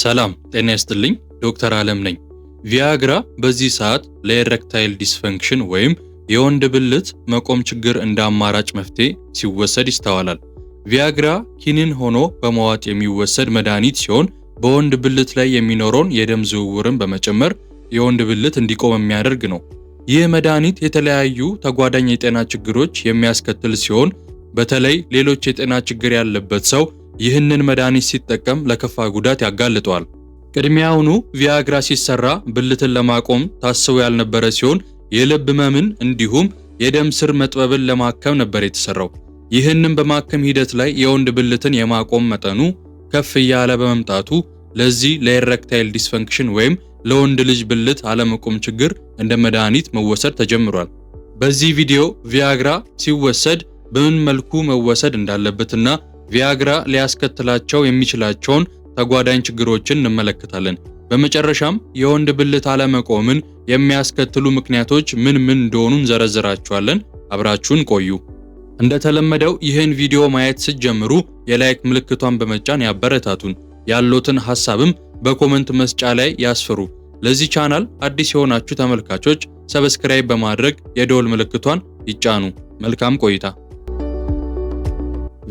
ሰላም ጤና ይስጥልኝ። ዶክተር ዓለም ነኝ። ቪያግራ በዚህ ሰዓት ለኤሬክታይል ዲስፈንክሽን ወይም የወንድ ብልት መቆም ችግር እንደ አማራጭ መፍትሄ ሲወሰድ ይስተዋላል። ቪያግራ ኪኒን ሆኖ በመዋጥ የሚወሰድ መድኃኒት ሲሆን በወንድ ብልት ላይ የሚኖረውን የደም ዝውውርን በመጨመር የወንድ ብልት እንዲቆም የሚያደርግ ነው። ይህ መድኃኒት የተለያዩ ተጓዳኝ የጤና ችግሮች የሚያስከትል ሲሆን በተለይ ሌሎች የጤና ችግር ያለበት ሰው ይህንን መድኃኒት ሲጠቀም ለከፋ ጉዳት ያጋልጧል። ቅድሚያውኑ ቪያግራ ሲሰራ ብልትን ለማቆም ታስቦ ያልነበረ ሲሆን የልብ ህመምን እንዲሁም የደም ስር መጥበብን ለማከም ነበር የተሰራው። ይህንን በማከም ሂደት ላይ የወንድ ብልትን የማቆም መጠኑ ከፍ እያለ በመምጣቱ ለዚህ ለኤሬክታይል ዲስፈንክሽን ወይም ለወንድ ልጅ ብልት አለመቆም ችግር እንደ መድኃኒት መወሰድ ተጀምሯል። በዚህ ቪዲዮ ቪያግራ ሲወሰድ በምን መልኩ መወሰድ እንዳለበትና ቪያግራ ሊያስከትላቸው የሚችላቸውን ተጓዳኝ ችግሮችን እንመለከታለን። በመጨረሻም የወንድ ብልት አለመቆምን የሚያስከትሉ ምክንያቶች ምን ምን እንደሆኑ እንዘረዝራቸዋለን። አብራችሁን ቆዩ። እንደተለመደው ይህን ቪዲዮ ማየት ስትጀምሩ የላይክ ምልክቷን በመጫን ያበረታቱን። ያሉትን ሐሳብም በኮመንት መስጫ ላይ ያስፍሩ። ለዚህ ቻናል አዲስ የሆናችሁ ተመልካቾች ሰብስክራይብ በማድረግ የደወል ምልክቷን ይጫኑ። መልካም ቆይታ።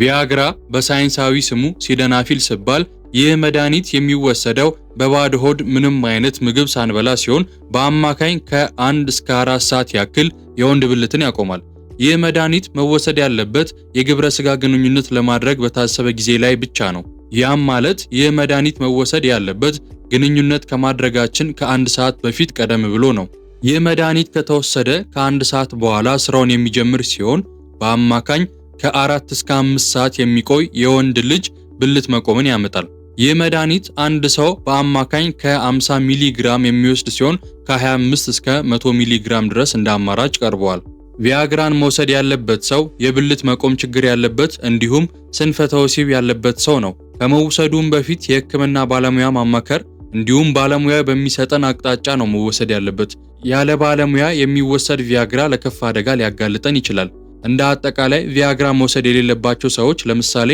ቪያግራ በሳይንሳዊ ስሙ ሲደናፊል ሲባል ይህ መድኃኒት የሚወሰደው በባዶ ሆድ ምንም አይነት ምግብ ሳንበላ ሲሆን በአማካኝ ከአንድ እስከ አራት ሰዓት ያክል የወንድ ብልትን ያቆማል። ይህ መድኃኒት መወሰድ ያለበት የግብረ ስጋ ግንኙነት ለማድረግ በታሰበ ጊዜ ላይ ብቻ ነው። ያም ማለት ይህ መድኃኒት መወሰድ ያለበት ግንኙነት ከማድረጋችን ከአንድ ሰዓት በፊት ቀደም ብሎ ነው። ይህ መድኃኒት ከተወሰደ ከአንድ ሰዓት በኋላ ስራውን የሚጀምር ሲሆን በአማካኝ ከአራት እስከ አምስት ሰዓት የሚቆይ የወንድ ልጅ ብልት መቆምን ያመጣል። ይህ መድኃኒት አንድ ሰው በአማካኝ ከ50 ሚሊ ግራም የሚወስድ ሲሆን ከ25 እስከ 100 ሚሊ ግራም ድረስ እንደ አማራጭ ቀርበዋል። ቪያግራን መውሰድ ያለበት ሰው የብልት መቆም ችግር ያለበት እንዲሁም ስንፈተ ወሲብ ያለበት ሰው ነው። ከመውሰዱም በፊት የህክምና ባለሙያ ማማከር እንዲሁም ባለሙያ በሚሰጠን አቅጣጫ ነው መወሰድ ያለበት። ያለ ባለሙያ የሚወሰድ ቪያግራ ለከፍ አደጋ ሊያጋልጠን ይችላል። እንደ አጠቃላይ ቪያግራ መውሰድ የሌለባቸው ሰዎች ለምሳሌ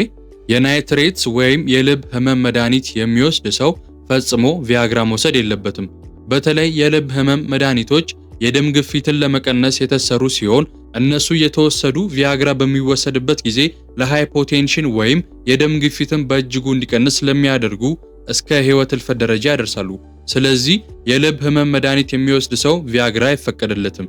የናይትሬትስ ወይም የልብ ህመም መድኃኒት የሚወስድ ሰው ፈጽሞ ቪያግራ መውሰድ የለበትም። በተለይ የልብ ህመም መድኃኒቶች የደም ግፊትን ለመቀነስ የተሰሩ ሲሆን እነሱ የተወሰዱ ቪያግራ በሚወሰድበት ጊዜ ለሃይፖቴንሽን ወይም የደም ግፊትን በእጅጉ እንዲቀንስ ስለሚያደርጉ እስከ ህይወት እልፈት ደረጃ ያደርሳሉ። ስለዚህ የልብ ህመም መድኃኒት የሚወስድ ሰው ቪያግራ አይፈቀድለትም።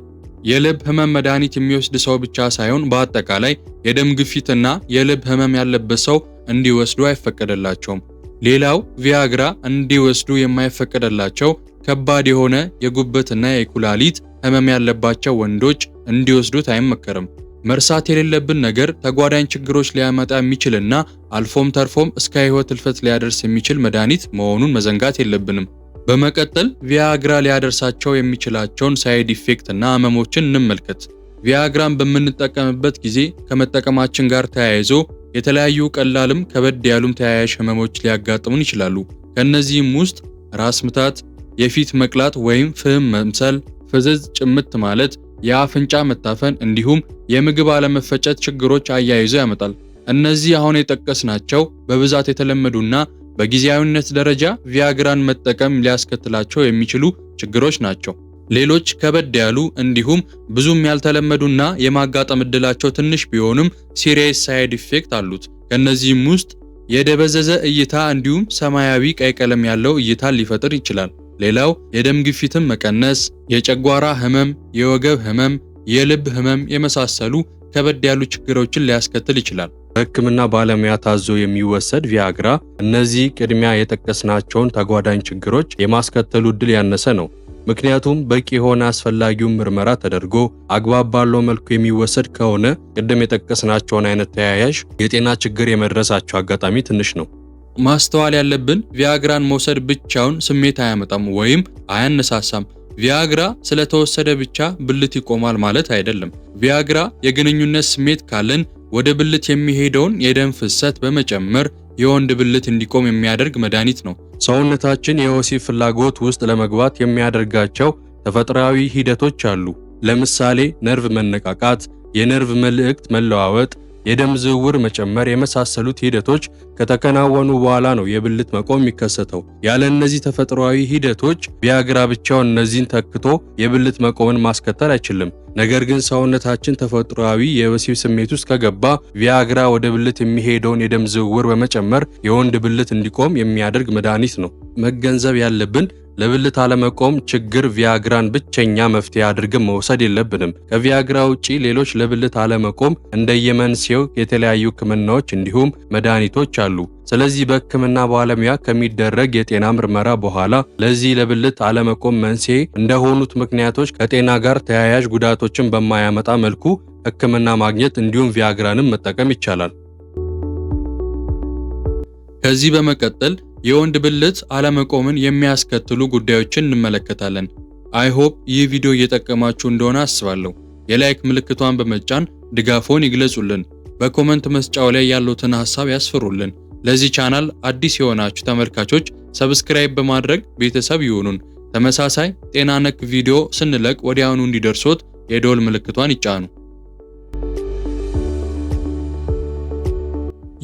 የልብ ህመም መድኃኒት የሚወስድ ሰው ብቻ ሳይሆን በአጠቃላይ የደም ግፊትና የልብ ህመም ያለበት ሰው እንዲወስዱ አይፈቀደላቸውም። ሌላው ቪያግራ እንዲወስዱ የማይፈቀደላቸው ከባድ የሆነ የጉበትና የኩላሊት ህመም ያለባቸው ወንዶች እንዲወስዱት አይመከርም። መርሳት የሌለብን ነገር ተጓዳኝ ችግሮች ሊያመጣ የሚችልና አልፎም ተርፎም እስከ ህይወት እልፈት ሊያደርስ የሚችል መድኃኒት መሆኑን መዘንጋት የለብንም። በመቀጠል ቪያግራ ሊያደርሳቸው የሚችላቸውን ሳይድ ኢፌክት እና ህመሞችን እንመልከት። ቪያግራን በምንጠቀምበት ጊዜ ከመጠቀማችን ጋር ተያይዞ የተለያዩ ቀላልም ከበድ ያሉም ተያያዥ ህመሞች ሊያጋጥሙን ይችላሉ። ከእነዚህም ውስጥ ራስ ምታት፣ የፊት መቅላት ወይም ፍህም መምሰል፣ ፍዝዝ ጭምት ማለት፣ የአፍንጫ መታፈን እንዲሁም የምግብ አለመፈጨት ችግሮች አያይዞ ያመጣል። እነዚህ አሁን የጠቀስናቸው በብዛት የተለመዱና በጊዜያዊነት ደረጃ ቪያግራን መጠቀም ሊያስከትላቸው የሚችሉ ችግሮች ናቸው። ሌሎች ከበድ ያሉ እንዲሁም ብዙም ያልተለመዱና የማጋጠም እድላቸው ትንሽ ቢሆንም ሲሪየስ ሳይድ ኢፌክት አሉት። ከነዚህም ውስጥ የደበዘዘ እይታ እንዲሁም ሰማያዊ ቀይ ቀለም ያለው እይታ ሊፈጥር ይችላል። ሌላው የደም ግፊትን መቀነስ፣ የጨጓራ ህመም፣ የወገብ ህመም፣ የልብ ህመም የመሳሰሉ ከበድ ያሉ ችግሮችን ሊያስከትል ይችላል። በሕክምና ባለሙያ ታዞ የሚወሰድ ቪያግራ እነዚህ ቅድሚያ የጠቀስናቸውን ተጓዳኝ ችግሮች የማስከተሉ ዕድል ያነሰ ነው። ምክንያቱም በቂ የሆነ አስፈላጊውን ምርመራ ተደርጎ አግባብ ባለው መልኩ የሚወሰድ ከሆነ ቅድም የጠቀስናቸውን አይነት ተያያዥ የጤና ችግር የመድረሳቸው አጋጣሚ ትንሽ ነው። ማስተዋል ያለብን ቪያግራን መውሰድ ብቻውን ስሜት አያመጣም ወይም አያነሳሳም። ቪያግራ ስለተወሰደ ብቻ ብልት ይቆማል ማለት አይደለም። ቪያግራ የግንኙነት ስሜት ካለን ወደ ብልት የሚሄደውን የደም ፍሰት በመጨመር የወንድ ብልት እንዲቆም የሚያደርግ መድኃኒት ነው። ሰውነታችን የወሲብ ፍላጎት ውስጥ ለመግባት የሚያደርጋቸው ተፈጥሯዊ ሂደቶች አሉ። ለምሳሌ ነርቭ መነቃቃት፣ የነርቭ መልእክት መለዋወጥ፣ የደም ዝውውር መጨመር የመሳሰሉት ሂደቶች ከተከናወኑ በኋላ ነው የብልት መቆም የሚከሰተው። ያለ እነዚህ ተፈጥሯዊ ሂደቶች ቪያግራ ብቻውን እነዚህን ተክቶ የብልት መቆምን ማስከተል አይችልም። ነገር ግን ሰውነታችን ተፈጥሯዊ የወሲብ ስሜት ውስጥ ከገባ ቪያግራ ወደ ብልት የሚሄደውን የደም ዝውውር በመጨመር የወንድ ብልት እንዲቆም የሚያደርግ መድኃኒት ነው። መገንዘብ ያለብን ለብልት አለመቆም ችግር ቪያግራን ብቸኛ መፍትሄ አድርገን መውሰድ የለብንም። ከቪያግራ ውጪ ሌሎች ለብልት አለመቆም እንደየመንስኤው የተለያዩ ሕክምናዎች እንዲሁም መድኃኒቶች አሉ። ስለዚህ በሕክምና ባለሙያ ከሚደረግ የጤና ምርመራ በኋላ ለዚህ ለብልት አለመቆም መንስኤ እንደሆኑት ምክንያቶች ከጤና ጋር ተያያዥ ጉዳቶችን በማያመጣ መልኩ ሕክምና ማግኘት እንዲሁም ቪያግራንም መጠቀም ይቻላል። ከዚህ በመቀጠል የወንድ ብልት አለመቆምን የሚያስከትሉ ጉዳዮችን እንመለከታለን። አይሆፕ ይህ ቪዲዮ እየጠቀማችሁ እንደሆነ አስባለሁ። የላይክ ምልክቷን በመጫን ድጋፎን ይግለጹልን። በኮመንት መስጫው ላይ ያሉትን ሀሳብ ያስፍሩልን። ለዚህ ቻናል አዲስ የሆናችሁ ተመልካቾች ሰብስክራይብ በማድረግ ቤተሰብ ይሁኑን። ተመሳሳይ ጤና ነክ ቪዲዮ ስንለቅ ወዲያውኑ እንዲደርሶት የዶል ምልክቷን ይጫኑ።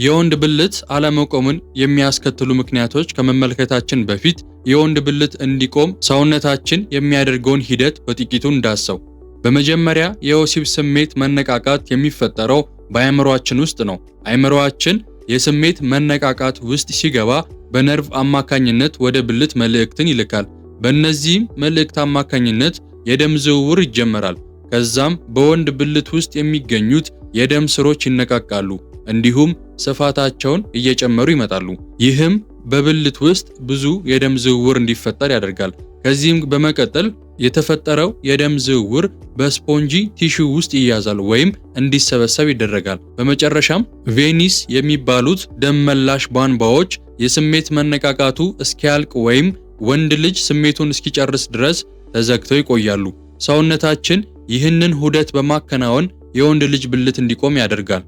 የወንድ ብልት አለመቆምን የሚያስከትሉ ምክንያቶች ከመመልከታችን በፊት የወንድ ብልት እንዲቆም ሰውነታችን የሚያደርገውን ሂደት በጥቂቱ እንዳሰው። በመጀመሪያ የወሲብ ስሜት መነቃቃት የሚፈጠረው በአእምሯችን ውስጥ ነው። አእምሯችን የስሜት መነቃቃት ውስጥ ሲገባ በነርቭ አማካኝነት ወደ ብልት መልእክትን ይልካል። በእነዚህም መልእክት አማካኝነት የደም ዝውውር ይጀመራል። ከዛም በወንድ ብልት ውስጥ የሚገኙት የደም ስሮች ይነቃቃሉ። እንዲሁም ስፋታቸውን እየጨመሩ ይመጣሉ። ይህም በብልት ውስጥ ብዙ የደም ዝውውር እንዲፈጠር ያደርጋል። ከዚህም በመቀጠል የተፈጠረው የደም ዝውውር በስፖንጂ ቲሹ ውስጥ ይያዛል ወይም እንዲሰበሰብ ይደረጋል። በመጨረሻም ቬኒስ የሚባሉት ደም መላሽ ቧንቧዎች የስሜት መነቃቃቱ እስኪያልቅ ወይም ወንድ ልጅ ስሜቱን እስኪጨርስ ድረስ ተዘግተው ይቆያሉ። ሰውነታችን ይህንን ሁደት በማከናወን የወንድ ልጅ ብልት እንዲቆም ያደርጋል።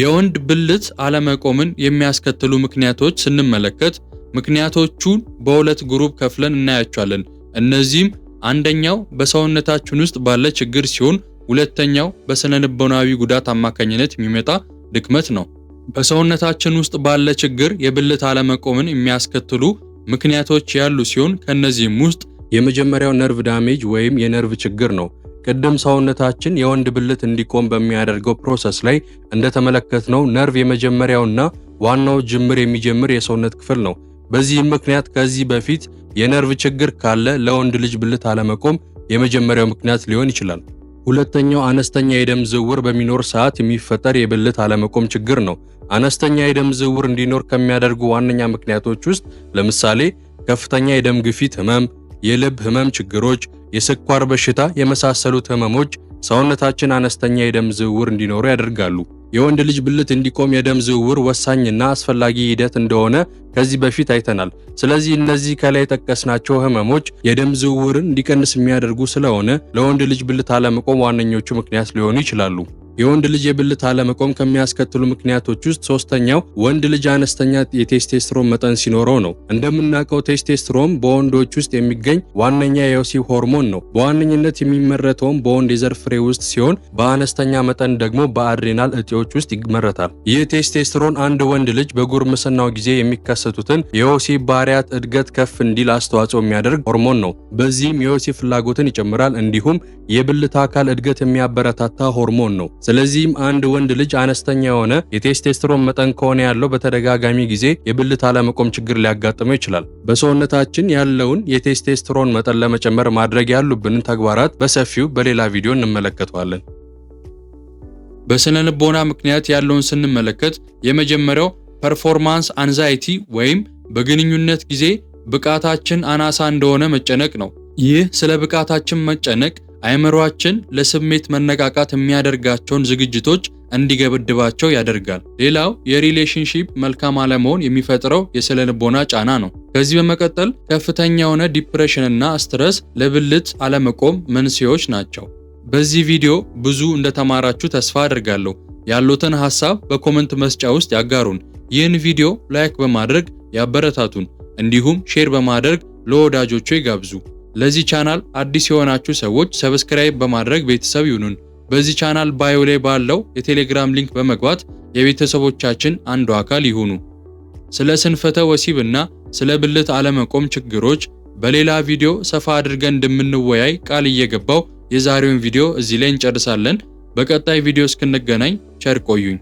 የወንድ ብልት አለመቆምን የሚያስከትሉ ምክንያቶች ስንመለከት ምክንያቶቹን በሁለት ግሩፕ ከፍለን እናያቸዋለን። እነዚህም አንደኛው በሰውነታችን ውስጥ ባለ ችግር ሲሆን፣ ሁለተኛው በስነ ልቦናዊ ጉዳት አማካኝነት የሚመጣ ድክመት ነው። በሰውነታችን ውስጥ ባለ ችግር የብልት አለመቆምን የሚያስከትሉ ምክንያቶች ያሉ ሲሆን ከእነዚህም ውስጥ የመጀመሪያው ነርቭ ዳሜጅ ወይም የነርቭ ችግር ነው። ቅድም ሰውነታችን የወንድ ብልት እንዲቆም በሚያደርገው ፕሮሰስ ላይ እንደተመለከትነው ነርቭ የመጀመሪያውና ዋናው ጅምር የሚጀምር የሰውነት ክፍል ነው። በዚህም ምክንያት ከዚህ በፊት የነርቭ ችግር ካለ ለወንድ ልጅ ብልት አለመቆም የመጀመሪያው ምክንያት ሊሆን ይችላል። ሁለተኛው አነስተኛ የደም ዝውውር በሚኖር ሰዓት የሚፈጠር የብልት አለመቆም ችግር ነው። አነስተኛ የደም ዝውውር እንዲኖር ከሚያደርጉ ዋነኛ ምክንያቶች ውስጥ ለምሳሌ ከፍተኛ የደም ግፊት ህመም፣ የልብ ህመም ችግሮች የስኳር በሽታ የመሳሰሉት ህመሞች ሰውነታችን አነስተኛ የደም ዝውውር እንዲኖሩ ያደርጋሉ። የወንድ ልጅ ብልት እንዲቆም የደም ዝውውር ወሳኝና አስፈላጊ ሂደት እንደሆነ ከዚህ በፊት አይተናል። ስለዚህ እነዚህ ከላይ የጠቀስናቸው ህመሞች የደም ዝውውርን እንዲቀንስ የሚያደርጉ ስለሆነ ለወንድ ልጅ ብልት አለመቆም ዋነኞቹ ምክንያት ሊሆኑ ይችላሉ። የወንድ ልጅ የብልት አለመቆም ከሚያስከትሉ ምክንያቶች ውስጥ ሶስተኛው ወንድ ልጅ አነስተኛ የቴስቴስትሮን መጠን ሲኖረው ነው። እንደምናውቀው ቴስቴስትሮን በወንዶች ውስጥ የሚገኝ ዋነኛ የወሲብ ሆርሞን ነው። በዋነኝነት የሚመረተውም በወንድ የዘር ፍሬ ውስጥ ሲሆን በአነስተኛ መጠን ደግሞ በአድሬናል እጢዎች ውስጥ ይመረታል። ይህ ቴስቴስትሮን አንድ ወንድ ልጅ በጉርምስናው ጊዜ የሚከሰቱትን የወሲብ ባህሪያት እድገት ከፍ እንዲል አስተዋጽኦ የሚያደርግ ሆርሞን ነው። በዚህም የወሲብ ፍላጎትን ይጨምራል። እንዲሁም የብልት አካል እድገት የሚያበረታታ ሆርሞን ነው። ስለዚህም አንድ ወንድ ልጅ አነስተኛ የሆነ የቴስቴስትሮን መጠን ከሆነ ያለው በተደጋጋሚ ጊዜ የብልት አለመቆም ችግር ሊያጋጥመው ይችላል። በሰውነታችን ያለውን የቴስቴስትሮን መጠን ለመጨመር ማድረግ ያሉብንን ተግባራት በሰፊው በሌላ ቪዲዮ እንመለከተዋለን። በስነ ልቦና ምክንያት ያለውን ስንመለከት የመጀመሪያው ፐርፎርማንስ አንዛይቲ ወይም በግንኙነት ጊዜ ብቃታችን አናሳ እንደሆነ መጨነቅ ነው። ይህ ስለ ብቃታችን መጨነቅ አእምሯችን ለስሜት መነቃቃት የሚያደርጋቸውን ዝግጅቶች እንዲገበድባቸው ያደርጋል። ሌላው የሪሌሽንሺፕ መልካም አለመሆን የሚፈጥረው የስነ ልቦና ጫና ነው። ከዚህ በመቀጠል ከፍተኛ የሆነ ዲፕሬሽንና ስትረስ ለብልት አለመቆም መንስኤዎች ናቸው። በዚህ ቪዲዮ ብዙ እንደተማራችሁ ተስፋ አድርጋለሁ። ያሉትን ሀሳብ በኮመንት መስጫ ውስጥ ያጋሩን። ይህን ቪዲዮ ላይክ በማድረግ ያበረታቱን፣ እንዲሁም ሼር በማድረግ ለወዳጆቹ ይጋብዙ። ለዚህ ቻናል አዲስ የሆናችሁ ሰዎች ሰብስክራይብ በማድረግ ቤተሰብ ይሁኑን። በዚህ ቻናል ባዮ ላይ ባለው የቴሌግራም ሊንክ በመግባት የቤተሰቦቻችን አንዱ አካል ይሁኑ። ስለ ስንፈተ ወሲብና ስለ ብልት አለመቆም ችግሮች በሌላ ቪዲዮ ሰፋ አድርገን እንደምንወያይ ቃል እየገባው የዛሬውን ቪዲዮ እዚህ ላይ እንጨርሳለን። በቀጣይ ቪዲዮ እስክንገናኝ ቸር ቆዩኝ።